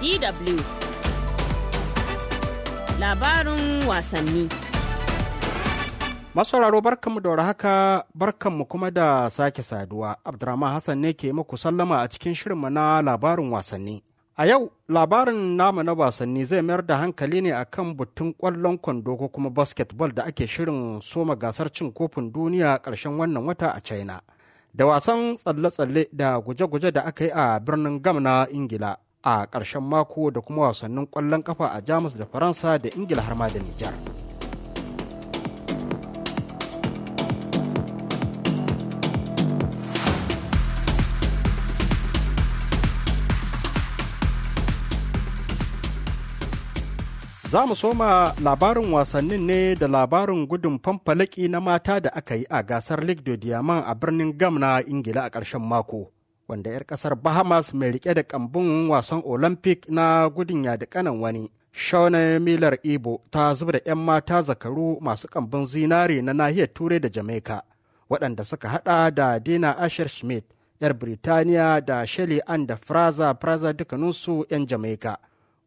DW Labarin wasanni Masauraro barkanmu da haka barkanmu kuma da sake saduwa. Abdurrahman Hassan ne ke muku sallama a cikin shirinmu na labarin wasanni. A yau labarin namu na wasanni zai mayar da hankali ne a kan butun kwallon kwando ko kuma basketball da ake shirin soma gasar cin kofin duniya ƙarshen wannan wata a China. Da wasan tsalle-tsalle da guje-guje da aka yi a birnin Gam na Ingila a ƙarshen mako da kuma wasannin ƙwallon kafa a jamus da faransa da ingila har ma da nijar za mu soma labarin wasannin ne da labarin gudun famfalaki na mata da aka yi a gasar lake de diamant a birnin gam na ingila a ƙarshen mako wanda 'yar kasar bahamas mai rike da kambun wasan olympic na gudun kanan wani shaune milar ibo ta zuba da 'yan mata zakaru masu kambun zinare na nahiyar turai da jamaica waɗanda suka hada da dina asher schmidt 'yar Birtaniya da Shelly Ann da Fraza Fraza dukkaninsu 'yan Jamaika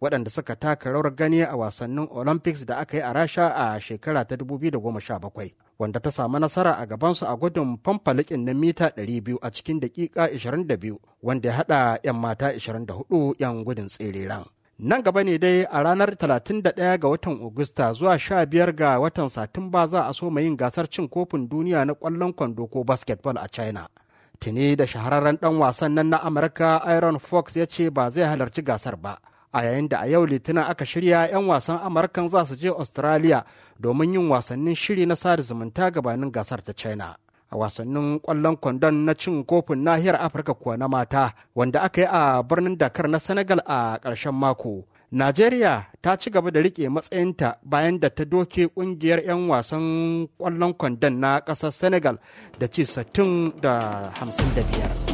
waɗanda suka taka rawar gani a wasannin Olympics da aka yi a Rasha a shekara ta 2017. wanda ta samu nasara a gabansu a gudun famfalikin na mita 200 a cikin dakika 22 wanda ya haɗa 'yan mata 24 'yan gudun ran. Nan gaba ne dai a ranar 31 ga watan Agusta zuwa 15 ga watan Satumba za a so yin gasar cin kofin duniya na kwallon kwando ko basketball a China. Tuni da shahararren dan wasan nan na Amurka Iron Fox ya ce ba zai halarci gasar ba. a yayin da a yau litinin aka shirya 'yan wasan amurkan za su je australia domin yin wasannin shiri na sada zumunta gabanin gasar ta china a wasannin kwallon kwandon na cin kofin nahiyar afirka kuwa na mata wanda aka yi a birnin dakar na senegal a ƙarshen mako Najeriya ta ci gaba da rike matsayinta bayan da ta doke ƙungiyar 'yan wasan kwallon kwandon na ƙasar Senegal da ci 65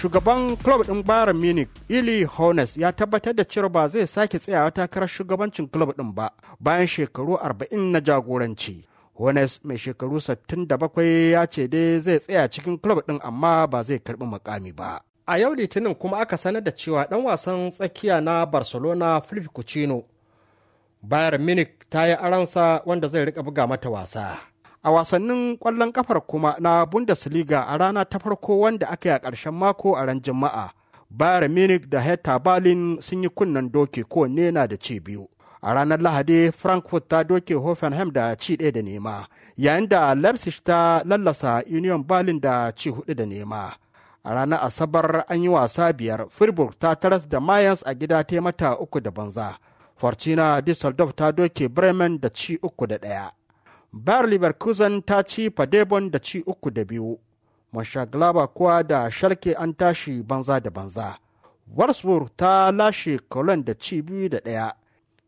shugaban club din bayern munich ili hones ya tabbatar da cewa ba zai sake tsayawa takarar shugabancin club din ba bayan shekaru 40 na jagoranci hones mai shekaru 67 ya ce dai zai tsaya cikin club din amma ba zai karɓi mukami ba a yau litinin kuma aka sanar da cewa Dan wasan tsakiya na barcelona Philippe coutinho bayern munich ta yi aransa wanda zai rika buga mata wasa a wasannin kwallon kafar kuma na bundesliga a rana ta farko wanda aka yi a ƙarshen mako a ran juma'a bayern munich da hertha berlin sun yi kunnen doke kowanne na da ci biyu a ranar lahadi frankfurt ta doke hoffenheim da ci ɗaya da nema yayin da leipzig ta lallasa union berlin da ci hudu da nema a ranar asabar an yi wasa biyar Freiburg ta taras da mayans a gida ta mata uku da banza fortuna düsseldorf ta doke bremen da ci uku da ɗaya Bayer Leverkusen ta ci Fadebon da ci uku da biyu, Mashaglaba kuwa da Schalke an tashi banza da banza. Wolfsburg ta lashe Cologne da ci biyu da ɗaya,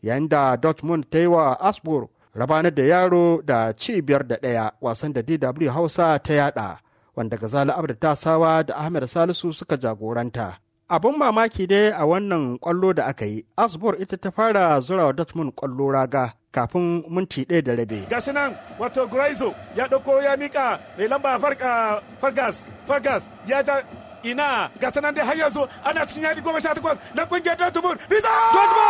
yayin da Dortmund ta yi wa Asburg rabana da yaro da ci biyar da ɗaya wasan da DW Hausa ta yada, wanda Gazali ta sawa da Ahmed Salisu suka jagoranta. Abin mamaki dai a wannan kwallo da aka yi, Asbor ita ta fara zura wa Dortmund kwallo raga kafin minti ɗaya da rabe. Gashi nan wato Graizo ya ɗauko ya mika mai lamba Fargas, Fargas ya ja ina ga nan dai har yanzu ana cikin yadi goma sha takwas na ƙungiyar Dortmund. Biza! Dortmund!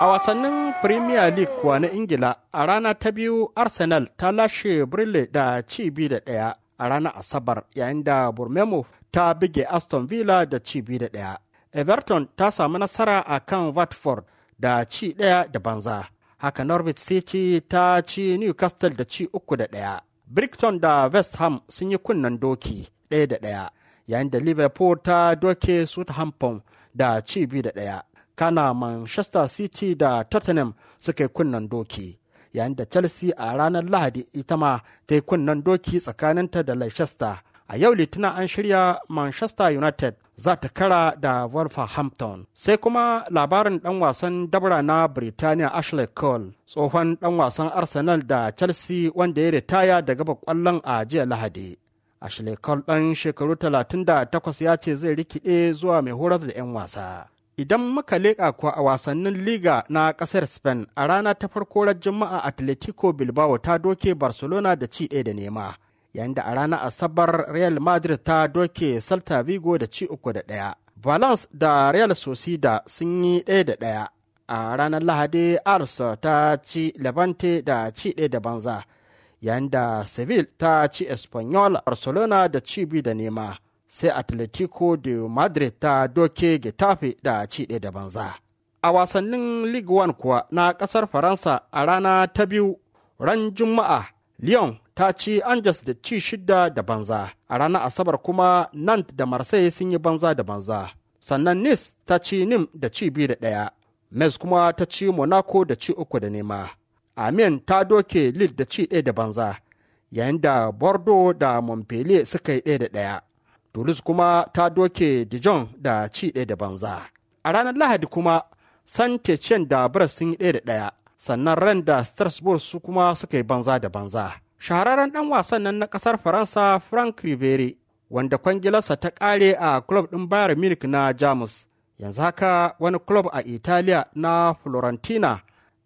A wasannin Premier League kuwa na Ingila a rana ta biyu Arsenal ta lashe Burnley da ci biyu da ɗaya a ranar Asabar yayin da Bournemouth ta bige Aston Villa da ci biyu da ɗaya. Everton ta samu nasara a kan Watford da ci ɗaya da banza. Haka Norwich City ta ci Newcastle da ci uku da ɗaya. Brighton da West Ham sun yi kunnen doki ɗaya da ɗaya yayin da Liverpool ta doke Southampton da ci biyu da ɗaya. kana manchester city da tottenham suka yi kunnen doki yayin da chelsea a ranar lahadi ita ma ta yi kunnen doki tsakaninta da leicester a yau litinin an shirya manchester united za ta kara da wolverhampton sai kuma labarin dan wasan dabra na birtaniya ashley cole tsohon dan wasan arsenal da chelsea wanda ya ritaya daga kwallon a jiya lahadi ashley cole dan shekaru 38 ya ce zai rikide zuwa mai horar da 'yan wasa Idan muka leƙa kuwa a wasannin Liga na ƙasar Spain a rana ta farko ran Juma'a Atletico Bilbao ta doke Barcelona da ci ɗaya da nema, yayin da a ranar Asabar Real Madrid ta doke Salta Vigo da ci uku da ɗaya. Valence da Real sosida sun yi ɗaya da ɗaya. A ranar Lahadi Ars ta ci Levante da ci ɗaya da banza, yayin da Seville ta ci Espanyol Barcelona da ci biyu da nema. sai atletico de madrid ta doke getafe da ci ɗaya da banza a wasannin league one kuwa na ƙasar faransa a rana ta biyu ran juma'a lyon ta ci angers da ci shida da banza a ranar asabar kuma nantes da marseille sun yi banza da banza sannan nice ta ci nim da ci biyu da ɗaya Metz kuma ta ci Monaco da ci uku da nema. Amin ta doke Lille da ci ɗaya da banza, yayin da Bordeaux da Montpellier suka yi ɗaya da ɗaya. tulus kuma ta doke Dijon da ci ɗaya da banza. A ranar Lahadi kuma Santecen da Bras sun yi ɗaya da ɗaya, sannan ran da Strasbourg su kuma suka yi banza da banza. Shahararren ɗan wasan nan na ƙasar Faransa Frank Riveri, wanda kwangilarsa ta ƙare a club ɗin Bayern Munich na Jamus. Yanzu haka wani club a Italiya na Florentina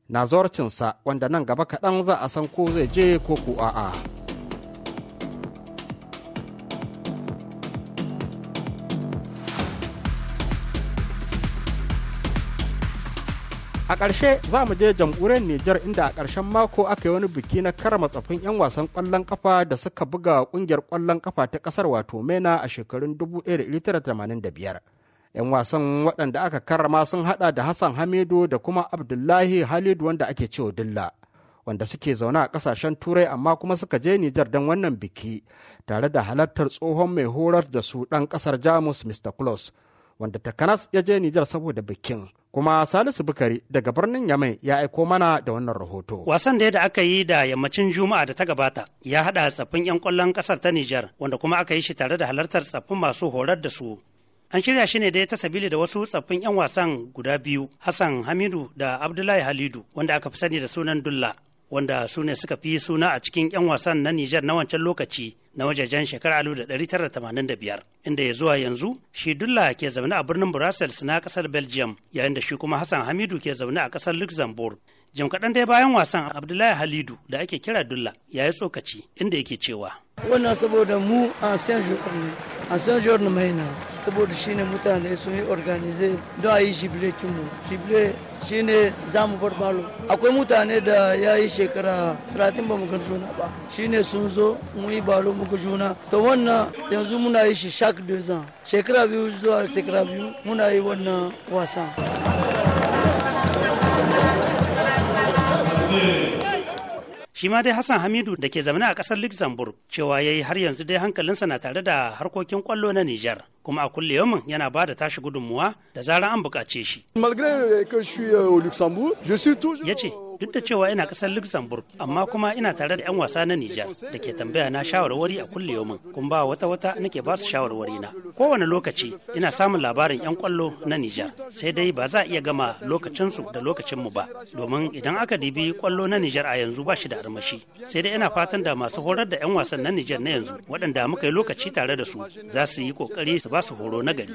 na zorcinsa wanda nan gaba kaɗan za a san ko zai je ko ko a'a. a ƙarshe za mu je jamhuriyar nijar inda a ƙarshen mako aka yi wani biki na karama tsafin 'yan wasan ƙwallon ƙafa da suka buga ƙungiyar ƙwallon ƙafa ta ƙasar wato mena a shekarun 1985 'yan wasan waɗanda aka karama sun haɗa da hassan hamidu da kuma abdullahi halidu wanda ake cewa dilla wanda suke zaune a ƙasashen turai amma kuma suka je Nijar don wannan biki tare da halartar tsohon mai horar da su ɗan ƙasar Jamus Mr. Klaus wanda takanas ya je Nijar saboda bikin. Kuma Salisu Bukari daga birnin Yamai ya aiko mana da wannan rahoto. Wasan da da aka yi da yammacin Juma'a da ta gabata ya hada tsaffin 'yan kwallon kasar ta Nijar wanda kuma aka yi shi tare da halartar tsaffin masu horar da su. An shirya shi ne da ta sabili da wasu tsaffin 'yan wasan guda biyu, Hassan Hamidu da Abdullahi Halidu, wanda aka fi sani da sunan Dulla. wanda su ne suka fi suna a cikin 'yan wasan na Nijar na wancan lokaci na wajajen shekarar 1985 inda ya zuwa yanzu shi dulla ke zaune a birnin Brussels na kasar Belgium yayin da shi kuma Hassan Hamidu ke zaune a kasar Luxembourg. Jim kaɗan dai bayan wasan Abdullahi Halidu da ake kira dulla ya yi tsokaci inda yake cewa. Wannan saboda mu a Saint ne, a Saint mai na saboda shine mutane sun yi organize don a yi shibile kinmu, shibile shine za mu bar balo akwai mutane da ya yi shekara 30 ba mu gan juna ba shine sun zo mu yi balo muka juna to wannan yanzu muna yi shi shak dozan shekara biyu zuwa shekara biyu muna yi wannan wasan shi ma dai hassan hamidu da ke zaune a kasar luxembourg cewa ya yi har yanzu dai hankalinsa na tare da harkokin kwallo na nijar kuma a kulle yamin yana ba da tashi gudunmuwa da zarar an buƙace shi. Malgré que je suis euh, au Luxembourg, je suis toujours... duk da cewa ina kasar luxembourg amma kuma ina tare da 'yan wasa na nijar da ke tambaya na shawarwari a kulle yomin kun ba wata wata nake ba su shawarwari na kowane lokaci ina samun labarin 'yan kwallo na nijar sai dai ba za a iya gama lokacinsu da lokacinmu ba domin idan aka dibi kwallo na nijar a yanzu ba shi da armashi sai dai ina fatan da masu horar da 'yan wasan na nijar na yanzu waɗanda muka yi lokaci tare da su za su yi kokari su ba su horo na gari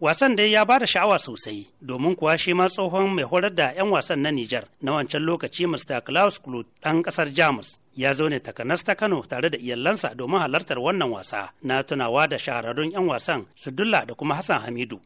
wasan dai ya ba da sha'awa sosai domin kuwa shi ma tsohon mai horar da 'yan wasan na nijar Niger na wancan lokaci Mr. Klaus Kluth ɗan ƙasar Jamus ya zo ne takanas ta Kano tare da iyalansa domin halartar wannan wasa na tunawa da shahararrun 'yan wasan Sudulla da kuma Hassan Hamidu.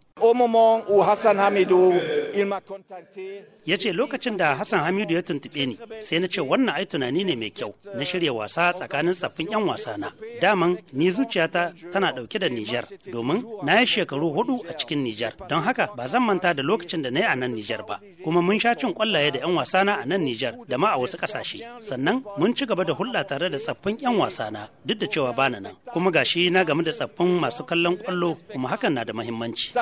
Ya ce lokacin da Hassan Hamidu ya tuntube ni sai na ce wannan ai tunani ne mai kyau na shirya wasa tsakanin tsaffin 'yan wasana. Daman ni zuciyata tana dauke da Nijar domin na yi shekaru hudu a cikin Nijar don haka ba zan manta da lokacin da na yi a nan Nijar ba. Kuma mun sha cin kwallaye da 'yan wasana a nan Nijar da ma a wasu ƙasashe. Sannan mun ci gaba gaba da hulɗa tare da tsaffin 'yan wasa na duk da cewa bana nan kuma gashi na game da tsaffin masu kallon kwallo kuma hakan na da mahimmanci.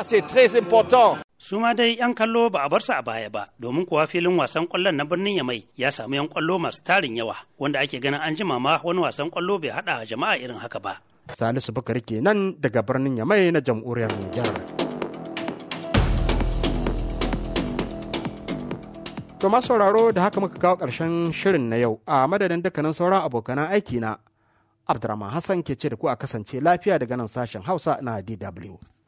su ma dai 'yan kallo ba a bar su a baya ba domin kuwa filin wasan kwallon na birnin yamai ya samu 'yan kwallo masu tarin yawa wanda ake ganin an jima ma wani wasan kwallo bai haɗa jama'a irin haka ba. salisu bakar kenan daga birnin yamai na jamhuriyar nijar. To ma sauraro da haka muka kawo ƙarshen shirin na yau a madadin dukkanin sauran abokanan aiki na Abdurrahman Hassan ke ce da ku a kasance lafiya daga nan sashen Hausa na DW.